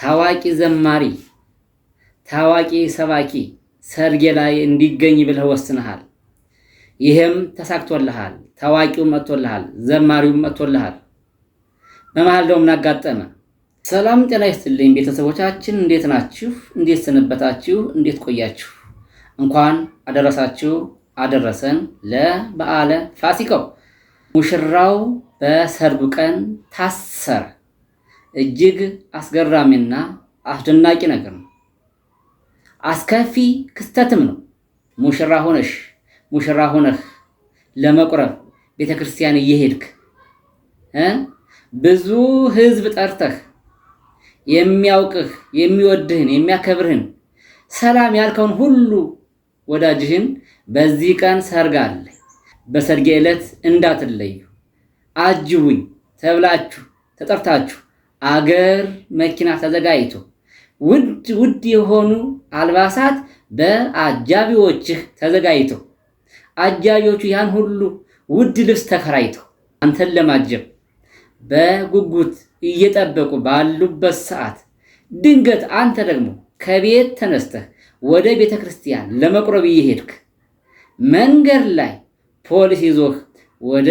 ታዋቂ ዘማሪ፣ ታዋቂ ሰባኪ ሰርጌ ላይ እንዲገኝ ብለህ ወስነሃል። ይህም ተሳክቶልሃል። ታዋቂው መጥቶልሃል፣ ዘማሪውም መጥቶልሃል። በመሃል ደግሞ ምን አጋጠመ? ሰላም ጤና ይስጥልኝ ቤተሰቦቻችን፣ እንዴት ናችሁ? እንዴት ሰነበታችሁ? እንዴት ቆያችሁ? እንኳን አደረሳችሁ አደረሰን ለበዓለ ፋሲካው። ሙሽራው በሰርጉ ቀን ታሰረ። እጅግ አስገራሚና አስደናቂ ነገር ነው። አስከፊ ክስተትም ነው። ሙሽራ ሆነሽ ሙሽራ ሆነህ ለመቁረብ ቤተክርስቲያን እየሄድክ ብዙ ህዝብ ጠርተህ የሚያውቅህ የሚወድህን የሚያከብርህን ሰላም ያልከውን ሁሉ ወዳጅህን በዚህ ቀን ሰርግ አለ፣ በሰርጌ ዕለት እንዳትለዩ አጅቡኝ ተብላችሁ ተጠርታችሁ አገር መኪና ተዘጋጅቶ ውድ ውድ የሆኑ አልባሳት በአጃቢዎችህ ተዘጋጅተው አጃቢዎቹ ያን ሁሉ ውድ ልብስ ተከራይቶ አንተን ለማጀብ በጉጉት እየጠበቁ ባሉበት ሰዓት ድንገት አንተ ደግሞ ከቤት ተነስተህ ወደ ቤተ ክርስቲያን ለመቁረብ እየሄድክ መንገድ ላይ ፖሊስ ይዞህ ወደ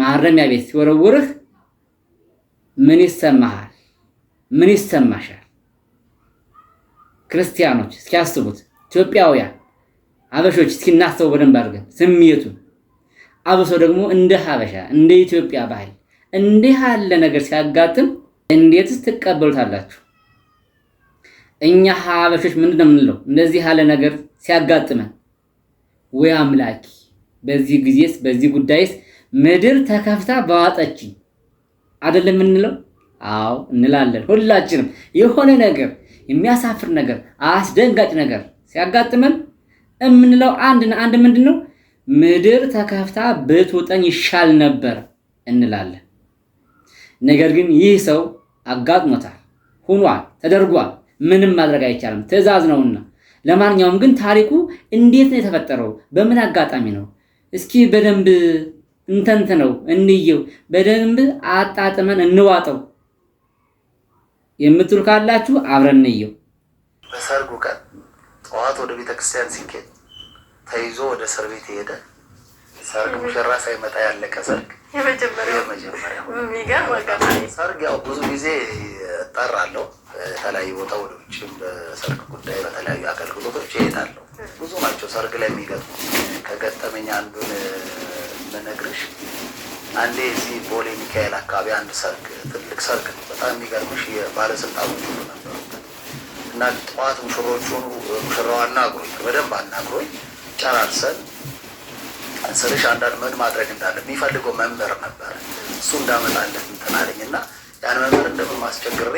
ማረሚያ ቤት ሲወረውርህ ምን ይሰማሃል? ምን ይሰማሻል? ክርስቲያኖች እስኪያስቡት፣ ኢትዮጵያውያን ሀበሾች እስኪናስተው በደንብ አድርገን ስሜቱ አብሶ ደግሞ እንደ ሀበሻ እንደ ኢትዮጵያ ባህል እንዲህ ያለ ነገር ሲያጋጥም እንዴትስ ትቀበሉታላችሁ? እኛ ሀበሾች ምንድን ነው የምንለው? እንደዚህ ያለ ነገር ሲያጋጥመን ወይ አምላኪ፣ በዚህ ጊዜስ በዚህ ጉዳይስ ምድር ተከፍታ በዋጠች? አይደለም የምንለው? አዎ እንላለን። ሁላችንም የሆነ ነገር የሚያሳፍር ነገር፣ አስደንጋጭ ነገር ሲያጋጥመን የምንለው አንድና አንድ ምንድን ነው? ምድር ተከፍታ ብትውጠኝ ይሻል ነበር እንላለን። ነገር ግን ይህ ሰው አጋጥሞታል፣ ሁኗል፣ ተደርጓል። ምንም ማድረግ አይቻልም፣ ትዕዛዝ ነውና። ለማንኛውም ግን ታሪኩ እንዴት ነው የተፈጠረው? በምን አጋጣሚ ነው? እስኪ በደንብ እንተንት ነው እንየው፣ በደንብ አጣጥመን እንዋጠው የምትሉ ካላችሁ አብረን እንየው። በሰርጉ ቀን ጠዋት ወደ ቤተክርስቲያን ሲኬድ ተይዞ ወደ እስር ቤት ሄደ። ሰርግ ሙሽራ ሳይመጣ ያለቀ ሰርግ ሰርግ ያው ብዙ ጊዜ እጠራለሁ። የተለያዩ ቦታ ወደ ውጭም በሰርግ ጉዳይ በተለያዩ አገልግሎቶች ይሄዳለሁ። ብዙ ናቸው ሰርግ ላይ የሚገጥሙ። ከገጠመኝ አንዱን ብነግርሽ አንዴ እዚህ ቦሌ ሚካኤል አካባቢ አንድ ሰርግ፣ ትልቅ ሰርግ ነው። በጣም የሚገርምሽ የባለስልጣኖች ሁሉ ነበሩበት እና ጠዋት ሙሽሮቹን ሙሽራው አናግሮኝ በደንብ አናግሮኝ ጨራርሰን ስልሽ አንዳንድ ምን ማድረግ እንዳለ የሚፈልገው መምህር ነበረ። እሱ እንዳመጣለት እንትን አለኝ እና ያን መምህር እንደምን ማስቸግሬ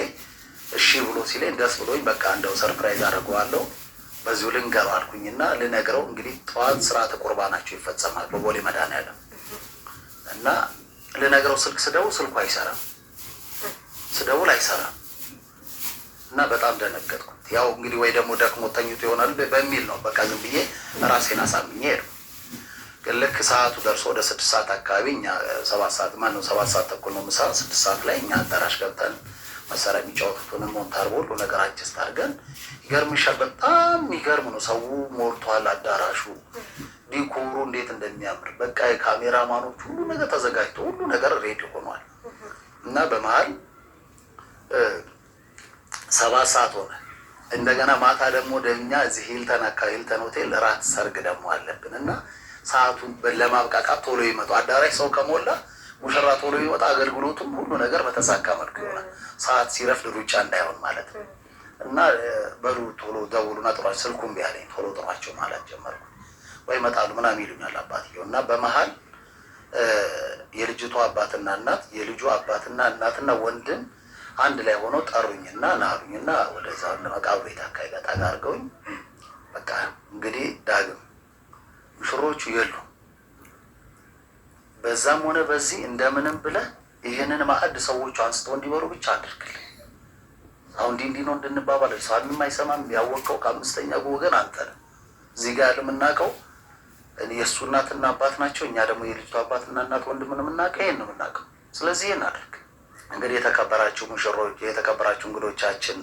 እሺ ብሎ ሲለኝ ደስ ብሎኝ በቃ እንደው ሰርፕራይዝ አድርገዋለሁ በዚሁ ልንገረው አልኩኝና ልነግረው እንግዲህ ጠዋት ስርዓተ ቁርባናቸው ይፈጸማል በቦሌ መድኃኔዓለም እና ልነግረው ስልክ ስደውል ስልኩ አይሰራም፣ ስደውል አይሰራም። እና በጣም ደነገጥኩት። ያው እንግዲህ ወይ ደግሞ ደክሞ ተኝቶ ይሆናል በሚል ነው በቃ ዝም ብዬ ራሴን አሳምኜ ሄድኩ። ልክ ሰዓቱ ደርሶ ወደ ስድስት ሰዓት አካባቢ እኛ ሰባት ሰዓት ማነው ሰባት ሰዓት ተኩል ነው ምሳ። ስድስት ሰዓት ላይ እኛ አዳራሽ ገብተን መሳሪያ የሚጫወቱትንም ሞንታር ሁሉ ነገር አጀስት አድርገን ይገርምሻል፣ በጣም የሚገርም ነው። ሰው ሞልቷል አዳራሹ ዲኮሩ እንዴት እንደሚያምር በቃ የካሜራማኖች ሁሉ ነገር ተዘጋጅቶ ሁሉ ነገር ሬድ ሆኗል እና በመሀል ሰባት ሰዓት ሆነ። እንደገና ማታ ደግሞ ደኛ እዚህ ሂልተን አካባቢ ሂልተን ሆቴል እራት ሰርግ ደግሞ አለብን እና ሰዓቱን ለማብቃቃት ቶሎ ይመጡ አዳራሽ ሰው ከሞላ ሙሽራ ቶሎ ይወጣ፣ አገልግሎቱም ሁሉ ነገር በተሳካ መልኩ ይሆናል። ሰዓት ሲረፍድ ሩጫ እንዳይሆን ማለት ነው እና በሉ ቶሎ ደውሉና ጥሯቸው፣ ስልኩም ቢያለኝ ቶሎ ጥሯቸው ማለት ጀመርኩ። ወይ መጣሉ ምናምን ይሉኛል አባትየው እና በመሀል የልጅቷ አባትና እናት የልጁ አባትና እናትና ወንድም አንድ ላይ ሆነው ጠሩኝና ናሩኝና ወደዛ ለመቃብሩ ቤት አካባቢ ጋር ጠጋ አድርገውኝ በቃ እንግዲህ ዳግም ሙሽሮቹ የሉ በዛም ሆነ በዚህ እንደምንም ብለህ ይህንን ማዕድ ሰዎቹ አንስተው እንዲበሩ ብቻ አድርግልህ። አሁን እንዲህ እንዲህ ነው እንድንባባለ ሰው አይሰማም። ያወቀው ከአምስተኛ ወገን አንተ እዚህ ጋር የምናውቀው የእሱ እናትና አባት ናቸው። እኛ ደግሞ የልጅቱ አባትና እናት ወንድ ነው የምናውቀው። ይህን ነው የምናውቀው። ስለዚህ ይህን አድርግ። እንግዲህ የተከበራችሁ ሙሽሮች፣ የተከበራችሁ እንግዶቻችን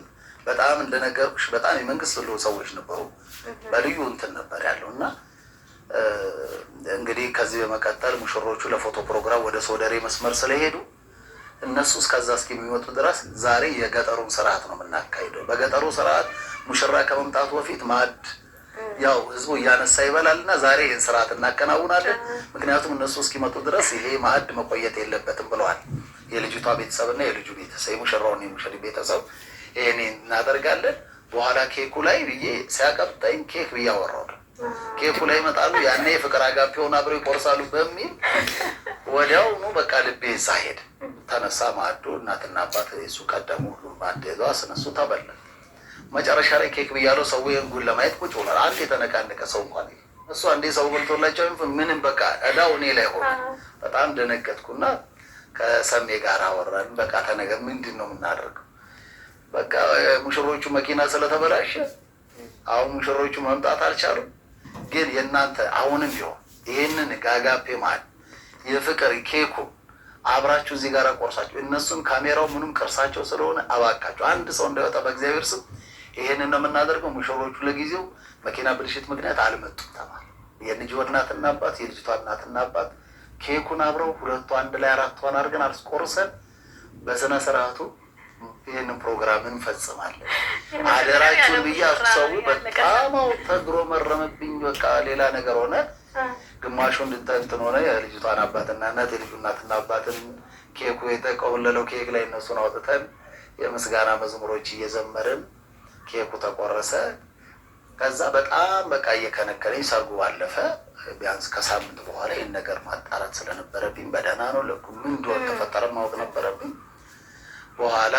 በጣም እንደነገርኩሽ በጣም የመንግስት ብሎ ሰዎች ነበሩ። በልዩ እንትን ነበር ያለው እና እንግዲህ ከዚህ በመቀጠል ሙሽሮቹ ለፎቶ ፕሮግራም ወደ ሶደሬ መስመር ስለሄዱ እነሱ እስከዛ እስኪሚወጡ ድረስ ዛሬ የገጠሩን ስርዓት ነው የምናካሂደው። በገጠሩ ስርዓት ሙሽራ ከመምጣቱ በፊት ማዕድ ያው ህዝቡ እያነሳ ይበላል እና ዛሬ ይህን ስርዓት እናከናውናለን። ምክንያቱም እነሱ እስኪመጡ ድረስ ይሄ ማዕድ መቆየት የለበትም ብለዋል። የልጅቷ ቤተሰብና የልጁ ቤተሰብ የሙሽራውን የሙሽሪ ቤተሰብ ይህን እናደርጋለን። በኋላ ኬኩ ላይ ብዬ ሲያቀብጠኝ ኬክ ብዬ አወራሁ። ኬኩ ላይ ይመጣሉ። ያኔ የፍቅር አጋፔውን አብረው ይቆርሳሉ በሚል ወዲያውኑ በቃ ልቤ ዛ ሄድ ተነሳ። ማዕዱ እናትና አባት እሱ ቀደሙ። ሁሉ ማዕድ ይዘው አስነሱ ተበላ መጨረሻ ላይ ኬክ ብያለው ሰው ህጉን ለማየት ቁጭ ብሏል። አንድ የተነቃነቀ ሰው እንኳን እሱ አንዴ ሰው በልቶላቸው ምንም በቃ እዳው እኔ ላይ ሆነ። በጣም ደነገጥኩና ከሰሜ ጋር አወራን። በቃ ተነገር ምንድን ነው የምናደርገው? በቃ ሙሽሮቹ መኪና ስለተበላሸ አሁን ሙሽሮቹ መምጣት አልቻሉም። ግን የእናንተ አሁንም ቢሆን ይህንን ጋጋፔ መሀል የፍቅር ኬኩ አብራችሁ እዚህ ጋር ቆርሳችሁ እነሱን ካሜራው ምንም ቅርሳቸው ስለሆነ አባካችሁ አንድ ሰው እንዳይወጣ በእግዚአብሔር ስም ይሄንን ነው የምናደርገው። ሙሽሮቹ ለጊዜው መኪና ብልሽት ምክንያት አልመጡም ተባለ። የልጅ እናትና አባት፣ የልጅቷ እናትና አባት ኬኩን አብረው ሁለቱ አንድ ላይ አራቷን አድርገን አስቆርሰን በስነ ስርዓቱ ይህንን ፕሮግራም እንፈጽማለን። አደራችሁን ብዬ ሰው በጣም ተግሮ መረመብኝ። በቃ ሌላ ነገር ሆነ። ግማሹ እንድንተንትን ሆነ። የልጅቷን አባትና እናት የልጁ እናትና አባትን ኬኩ የተቆለለው ኬክ ላይ እነሱን አውጥተን የምስጋና መዝሙሮች እየዘመርን ኬኩ ተቆረሰ። ከዛ በጣም በቃ እየከነከለኝ ሰርጉ ባለፈ ቢያንስ ከሳምንት በኋላ ይህን ነገር ማጣራት ስለነበረብኝ በደህና ነው ልኩ ምን እንደሆነ ተፈጠረ ማወቅ ነበረብኝ። በኋላ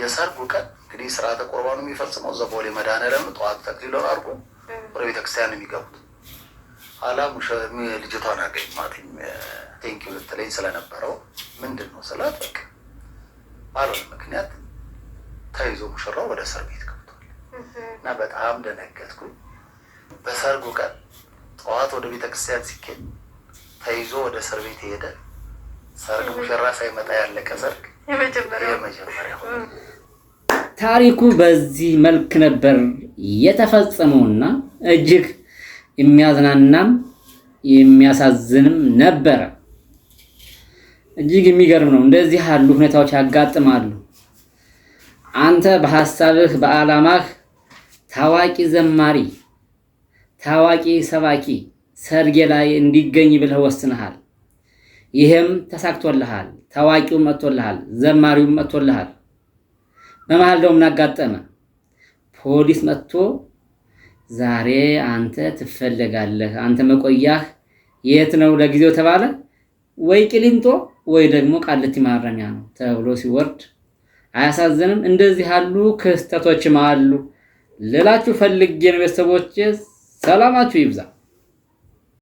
የሰርጉ ቀን እንግዲህ ስርዓተ ቁርባኑ የሚፈጽመው እዛ ቦሌ መድኃኔዓለም ጠዋት ተክሊሎ አድርጎ ወደ ቤተክርስቲያን የሚገቡት ኋላ ልጅቷን አገኝ አገኘኋት። ቴንኪው ልትለኝ ስለነበረው ምንድን ነው ስላት በቃ ባልሆነ ምክንያት ተይዞ ሙሽራው ወደ እስር ቤት ገብቷል እና በጣም ደነገጥኩኝ። በሰርጉ ቀን ጠዋት ወደ ቤተክርስቲያን ሲኬድ ተይዞ ወደ እስር ቤት ሰርግ ሙሽራ ሳይመጣ ያለቀ ሰርግ የመጀመሪያው ታሪኩ በዚህ መልክ ነበር የተፈጸመውና እጅግ የሚያዝናናም የሚያሳዝንም ነበረ። እጅግ የሚገርም ነው። እንደዚህ ያሉ ሁኔታዎች ያጋጥማሉ። አንተ በሐሳብህ በዓላማህ ታዋቂ ዘማሪ፣ ታዋቂ ሰባኪ ሰርጌ ላይ እንዲገኝ ብለህ ወስነሃል። ይህም ተሳክቶልሃል። ታዋቂው መጥቶልሃል፣ ዘማሪው መጥቶልሃል። በመሃል ደግሞ ምን አጋጠመ? ፖሊስ መጥቶ ዛሬ አንተ ትፈለጋለህ፣ አንተ መቆያህ የት ነው ለጊዜው ተባለ። ወይ ቅሊንጦ ወይ ደግሞ ቃሊቲ ማረሚያ ነው ተብሎ ሲወርድ አያሳዝንም? እንደዚህ ያሉ ክስተቶችም አሉ ልላችሁ ፈልጌ ነው። ሰላማችሁ ይብዛ።